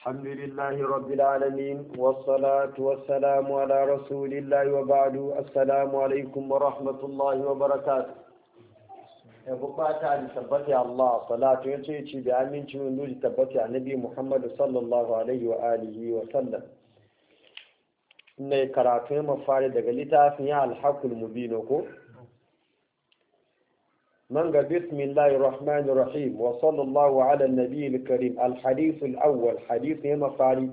الحمد لله رب العالمين والصلاة والسلام على رسول الله وبعد السلام عليكم ورحمة الله وبركاته da tabbata Allah salatu ya ce ci da amincin nuri tabbata annabi karatu ya mafari daga littafin ya alhaqul ko منغا بسم الله الرحمن الرحيم وصلى الله على النبي الكريم الحديث الأول حديث فاري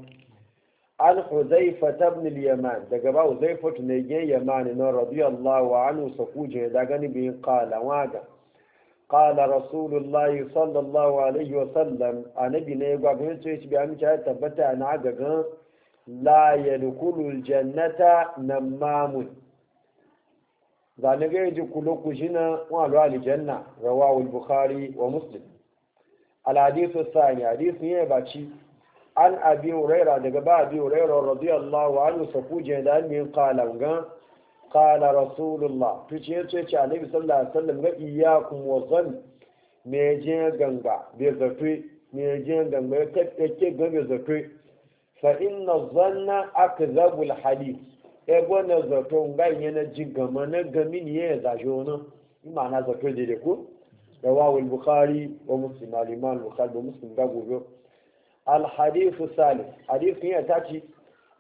عن حذيفة بن اليمان دا دقبا حذيفة نيجي يمان رضي الله عنه سكوجه دقني بين قال واجا قال رسول الله صلى الله عليه وسلم أنا بنيجا بنتوش بأمشا تبتع نعجا لا يدخل الجنة نمام zane ya ji kulo ku jina walu alijanna rawahu bukhari wa muslim alhadisu sani ne ya baci an abi uraira daga ba abi uraira radiyallahu anhu sakuje da min qala ga qala rasulullah to yace ce annabi sallallahu alaihi wasallam ga iyyakum wa zan me je ganga be zafi me je ganga kake ganga zafi fa inna zanna akzabul hadith ebo na zato nga inye na ji gama na gami ni ya zaje wani ima na zato da ku? da wa bukhari wa muslim al-imam bukhari wa muslim ga gobe al-hadithu salih hadith ya tace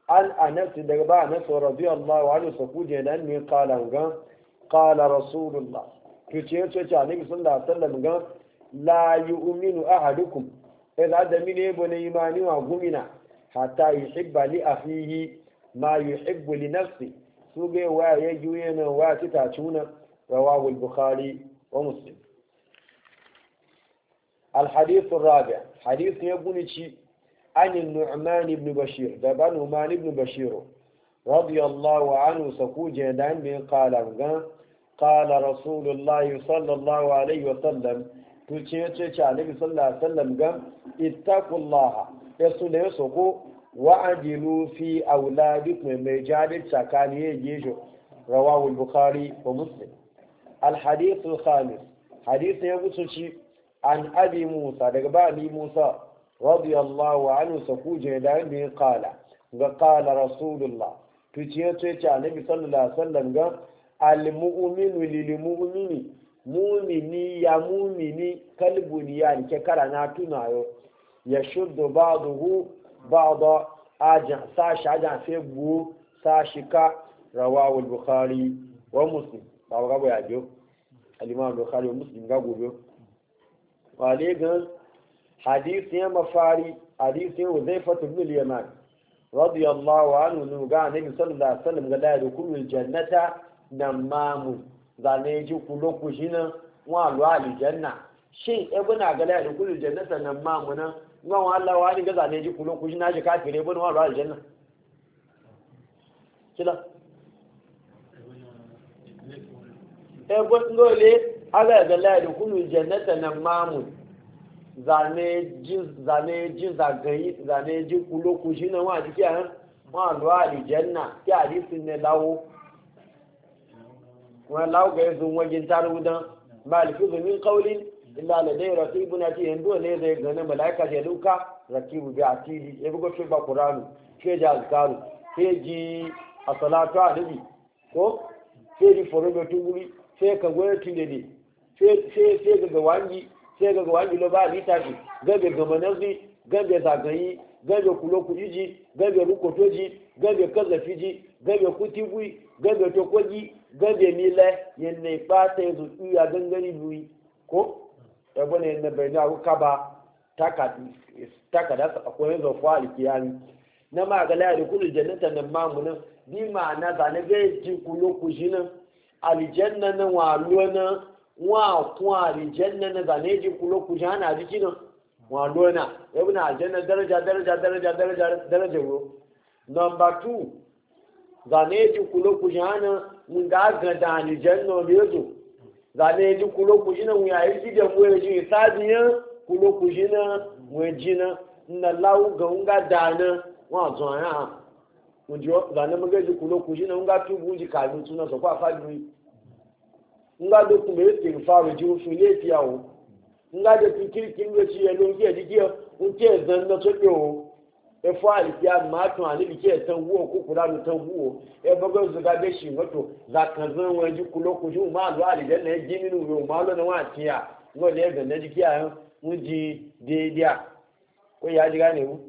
an anas daga ba anas radiyallahu anhu sakuje nan ne kala ga kala rasulullah to ce ce ce annabi sallallahu alaihi wasallam ga la yu'minu ahadukum idan e da mine bone imani wa gumina hatta yuhibba li akhihi ما يحب لنفسه سوغي ويجوين واتتاتون رواه البخاري ومسلم الحديث الرابع حديث يبني عن النعمان بن بشير دابا نعمان بن بشير رضي الله عنه سكو جدان من قال قال رسول الله صلى الله عليه وسلم تشيتش عليه صلى الله عليه وسلم اتقوا الله يسول سكو wa'adilu fi auladikum majadid sakali yejo rawahu al-bukhari wa muslim al-hadith al-khamis hadisin ya gusuci an abi musa daga ba ali musa radiyallahu anhu sakuje da bi qala ga qala rasulullah tuciye ce ce annabi sallallahu alaihi wasallam ga al-mu'minu lil-mu'mini mu'mini ya mu'mini kalbun ya ke kara na tunayo ya shuddu ba'dahu baɗo a jin sa shi ajiyar sai bu ta shi ka rawawul bukhari wa musulun ba wa gaba yajiyo alimawar bukhari wa musulun ga gobe wa ne gan hadithu ya mafari hadithu ya wuzai fata miliyanar ya Allah wa da e jannata na mamu za ne ji ku lokushi wa lu'alu janna shi ebuna ga daya da kumil jannata na mamu nan ngan wa Allah wa ni ga zane ji kulo kuji na kafire bane wa aljanna kila e eh, gon dole ala ga la da kulu jannata nan mamu zane ji zane ji zagayi zane ji kulo na wa ji kiyan wa alwa aljanna ki hadisin ne lawo wa lawo ga yanzu wajen tarudan ba min qawlin illa la dai raqibun ati endo ne zai gane malaika je luka raqibu bi atili e bugo fi ba qur'anu ke ja azkaru ke ji as-salatu alayhi ko ke ji forobe tunguri sai ka goye tindede sai sai sai ga wangi sai ga gawangi lo ba litafi gabe gamanazi gabe zagayi gabe kulokuji ji gabe rukotoji gabe kazafiji gabe kutibui gabe tokoji gabe mile yanne ba ta yanzu iya gangari bui ko ya ne na bai na ruka ba takada su akwai yin zafuwa alkiyami na magala ya rikulu jannata nan mamunan bi na ba na gai ji kulo ku shi nan aljanna na walo na wa kun aljanna na ne ji kulo ku shi hana jiki nan walo na e bi na aljanna daraja daraja daraja daraja daraja wuro number two zane ji kulo ku shi hana mun ga gada aljanna ne zo zane ji kulo ku jina mu yayi ji da mu yaji sadiyan kulo ku jina mu jina na lawu ga unga dana wa zo ya mu jo zane mu ga ji kulo ku jina unga tu buji ka ni tuna so kwa fa ni unga do ku me ti fa ro ji ofu le ti awo unga de ti kiri kiri lo ji e lo ji e di ki o unti zan na so pe o efo alikia matun ani bike tan wo ko kuranu tan wo e bogo zuga be shi ngoto za kan zan wa ji kulo ko ju ma lo ali den ne ji ni nínú wo ma lo na wa tiya no le be ne ji kiya mu ji de dia ko ya ji ga gane wu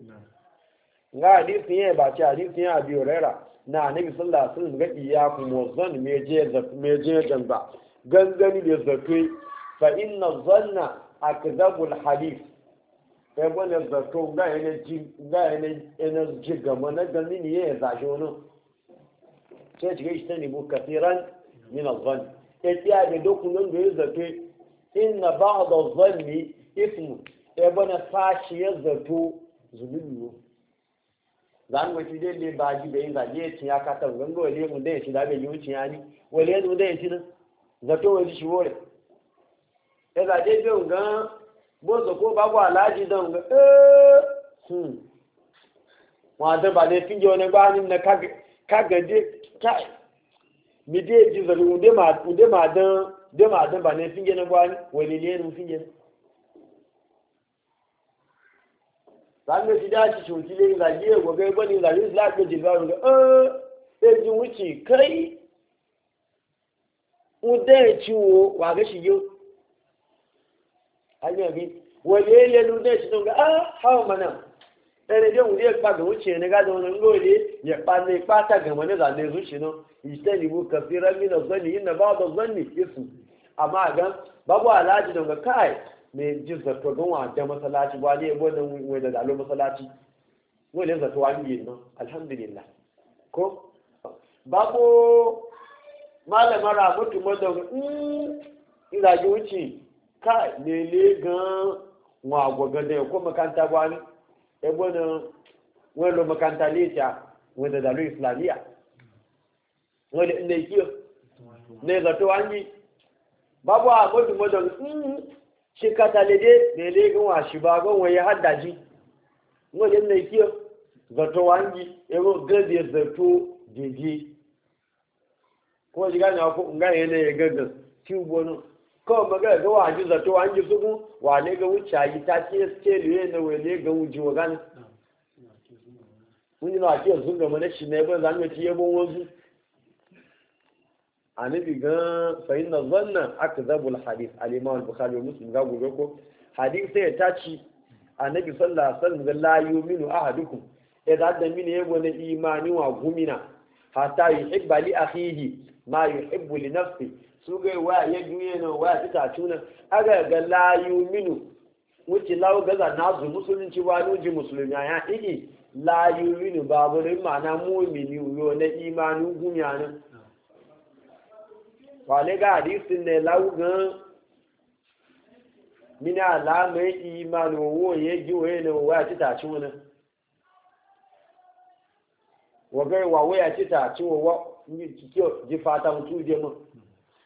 nga hadisi e ba ti ali hadisi a bi ra na annabi sallallahu alaihi wasallam ga ku mo zan me je za me je dan ba gangani de zakai fa inna zanna akdabul hadith ebe na zato ga yana ji gama na gami ne ya zaje wani sai shiga shi ta nemo kasiran min azan ya tsaya da dokunan da ya zato inna ba da zanni ismu ebe na sashi ya zato zunubi yau zan wace dai le ba ji da yin zaje ya ciya ka tan gango wale mun da ya ci da bai yi wuciya ni wale yanzu da ya ci nan zato wani shi wore ya zaje bin gan bóso kó bá wà láàájì hmm. dán ga wọn àdẹ́bà ní fíjọ ní bá ní kágẹ̀dẹ́ káì mi dé jí zọrí ǹdé máa dán bà ní fíjọ ní bá ní ẹnu fíjọ láàrín ti dá ṣiṣẹ́ òtí lé ìlàjí ẹ̀wọ̀gẹ́ ẹgbẹ́ ní ìlàjí láàpẹ́ jì bá hanyar bi wani yayin shi don ga a ah, hawa manan ɗanen jan wuri ya e kpa da wuce ne ga zaunan lori ya kpa ne kpata ga mani za ne zuci no ita ne bu kafi rami na zanni ina ba da zanni isu amma ga babu alaji don ga kai me ji zato don wa da masalaci ba ne yabo da wani da zalo masalaci wani zato wani yi no alhamdulillah ko babu malamara mutum don ga hmm, in zagi wuce kai lele gan wọn agwagan da ya ko makanta gwani ebe na wani makanta leta wani da dalu islamiyya wani ina ikiyo na ya zato hanyi babu a mafi madan mm-hmm, shi kata lede lele gan wa shi ba e gan haddaji wani ina ikiyo zato hanyi ebe gazi ya zato jeje kuma shiga na ko nga yana ya gagas ci ubonin kawai magana ga wajen ji zato wa ji sugun wa ne ga wuce a yi ta ce ce liye na wele ga wuji wa gani mun yi na ake sun gama na shi ne ban zamu ci yabon wasu nufi ga fa inna zanna akdhabul hadith al-imam al-bukhari wa muslim ga gobe ko hadith sai ya taci annabi sallallahu alaihi wasallam ga la yu'minu ahadukum idan e da mini yabo na imani wa gumina hatta yuhibba li akhihi ma yuhibbu li nafsihi su ga wa ya na waya ta tatu aga ga la yu'minu wuce lawo gaza na zu musulunci ba nuji musulmi ya iki layu yu'minu babu ne ma'ana mu'mini yo na imanu gunya wale ga hadisin ne lawo gan mina alama imanu wo ye juye na na wa ga wa wa ta wa ji fata mutu je mu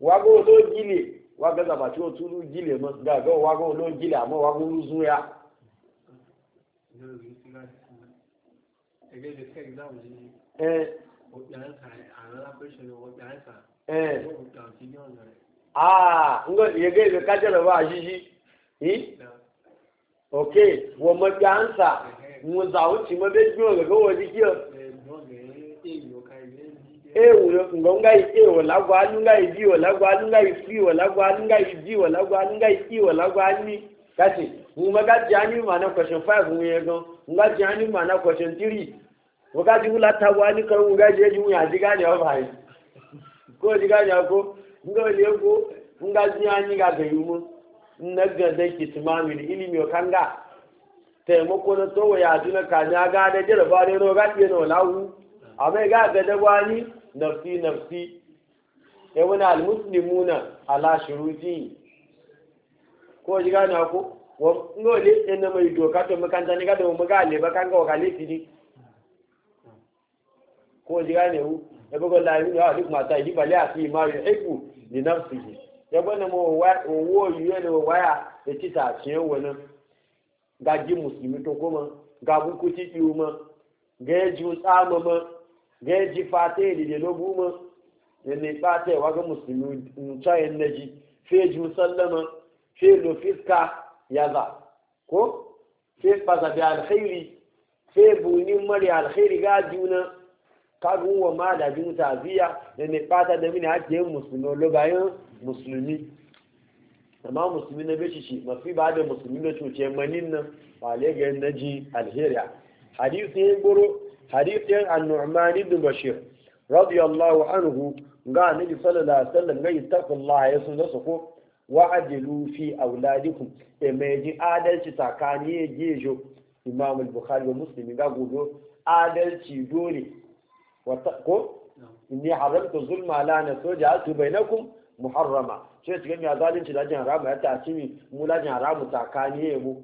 wago lo gile waga da ba ci o tulu gile mo ga ga wago lo gile amo wago luzu ya eh eh ah ngo yege be kajara ba jiji eh okay wo mo bi ansa mo za o ti mo be gbo ga wo di ki ewu ngo ngai ewu lagwa lungai biwo lagwa lungai fiwo lagwa lungai biwo lagwa lungai iwo lagwa ni kati nguma ga jani mana question 5 nguye go nga jani mana question 3 wakati ula tawani ko nga je ju ya diga ni obai ko diga ni ko ngo le ko nga jani ga be yumu na ga da kitmami ilimi o kanga taimako na towa ya juna ga da jira ba ne ga no lawu ga ga da wani nafsi nafsi ya wani almuslimuna ala shuruti ko ji gane ko ngo le ina mai doka to makanta ni gado mu gale ba kan ga wakale tidi ko ji gane hu ya e bugo la yi ha duk mata yi e bale a fi ma yi e ni nafsi nafsihi ya bana mu wa wo yi ne waya da tita ce wani gaji musulmi to kuma ga bukuti ciwo ma ga ya ji ma ma gaji fata ya lide lo goma da ne fata ya waga musulmi mutayen naji ji. musallama felo fiska ya za ko fe baza bi alkhairi fe buni mari alkhairi ga juna kagun wa ma da jin taziya da ne fata da mini ake musulmi lo bayan musulmi amma musulmi na beshi shi mafi ba da musulmi na cuce manin nan ba le ga naji alheri hadisi ya goro hadithin annu'man ibn bashir radiyallahu anhu ga annabi sallallahu alaihi wasallam ga ittaqullaha ya sun lufi ko wa adilu fi auladikum e mai ji adalci tsakani ya gejo imam al-bukhari wa muslim ga godo adalci dole ko inni haramtu zulma la na soja atu bainakum muharrama sai cikin ya zalunci lajin haramu ya tashi mi mu lajin haramu tsakani ya mu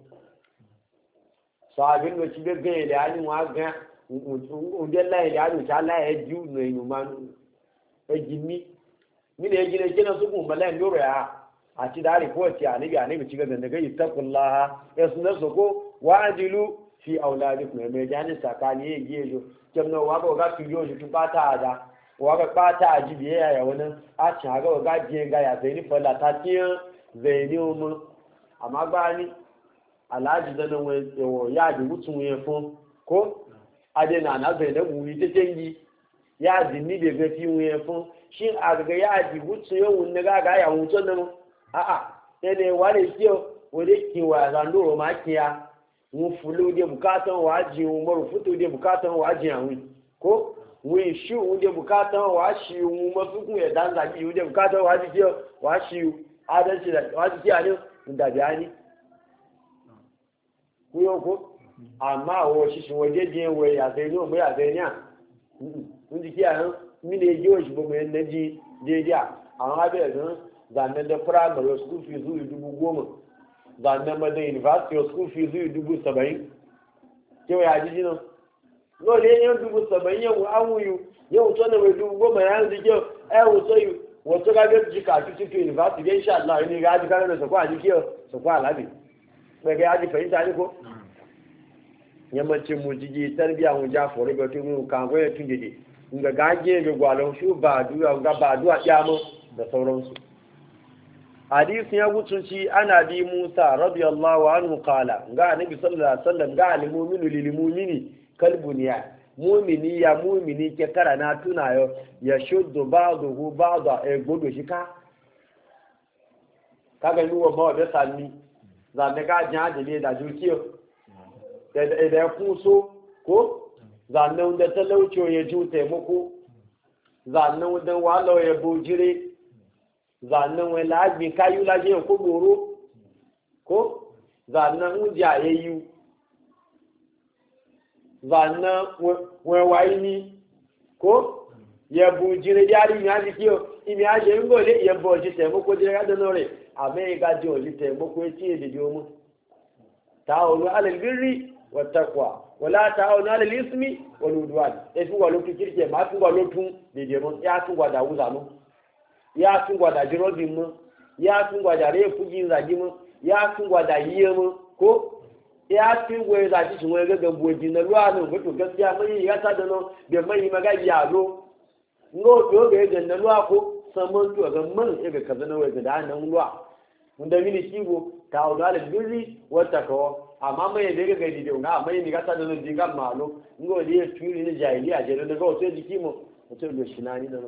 da ci gaya da yanin wa ga undela ile adu na eju no inuman ejimi mi na ne ejine jina su kun bala ndoro ya a ci da report ya nabi annabi ci gaban daga ittaqullaha yasna ko wa adilu fi auladikum me jani sakani ye yejo kemno wa ga ga tiyo ju tun bata ada wa ga bata aji biye ya wani a ci ga ga je ga ya zaini fala ta ni zaini umu amma ba ni alaji da nan wai ya ji mutun ye fun ko ade na na bai na buri ta canji ya ji ni bai ga fiwu fun shin a ga ya ji wuce yau na ga ga ya wuce nan a a ki wa zando ro ma kiya mu fulu de bukatan wa ji futu de bukatan wa ji awu ko we shi u bukatan wa shi mu masu ku bukatan wa ji kiyo wa àmọ́ àwọn òṣìṣẹ́ wọn dédé ń wẹ̀ àtẹ̀yìn náà bóyá àtẹ̀yìn náà ń di kí àwọn mílíọ̀nù èjì òṣìṣẹ́ gbogbo ẹ̀ lẹ́jì dédé à àwọn abẹ́rẹ́ sàn zanen primary school fees zuwa dubu goma zanen ma da school fees zuwa dubu saba'in kewa ya ji jinan no ne yan dubu saba'in yau an wuyu yau to da dubu goma yi wato Allah da ya ko yammacin mu jigi tarbiya mu ja foro ga tun kan ko ya tun jide ga gaje ga gwalon shu ba duwa ga ba duwa kyamu da sauransu hadisi ya ci ana bi Musa radiyallahu anhu qala ga annabi sallallahu alaihi wasallam ga al-mu'minu lil mu'mini kalbuniya mu'mini ya mu'mini ke na tunayo ya shuddu ba'dahu ba'da e godo shika kaga ni wo ba da sanni za ne ga jan da da jukiyo da ya kuso ko zanen da talauci ya ju taimako zanen da wahala ya bujire zanen wai la'agbin kayu laje ko goro ko zanen hujja ya yi zanen wai ni ko ya bujire jari mi haji kiyo imi haji yin gole ya buji taimako jire ga danore a mai gajin taimako ya ce da jomu ta olu alalbirri والتقوى ولا تعاون على الاسم والعدوان ايفو ولو كيركي ما تنغوا لوتون ديديمو يا تنغوا داو زانو يا تنغوا دا جيروديمو يا تنغوا دا ريفوجين زاجيمو يا تنغوا دا ييمو كو ya fi wai zaci shi wai ga gamboji na ruwa nan wato gaskiya mai ya ta da no da mai maga yaro ngo to ga ga na ruwa ko saman to ga man ga kaza ga da nan ruwa mun da mini ta amma mai da ga gari da nga mai ni gata da nan dinga malo ngo liye turi ni jahiliya je da ga to jiki mu mutum da shi nani da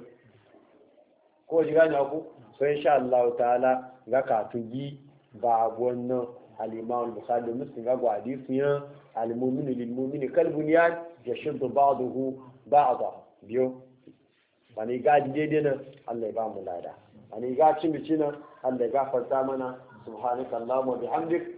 ko ji gani ku so insha Allah ta'ala ga ka tugi ba wannan al-Imam Bukhari da Muslim ga hadisi ya al-mu'minu lil-mu'mini kalbunyan yashuddu ba'dahu ba'da biyo wani ga daidai nan Allah ya ba mu lada wani ga cin bici nan Allah ya gafarta mana subhanakallahumma bihamdika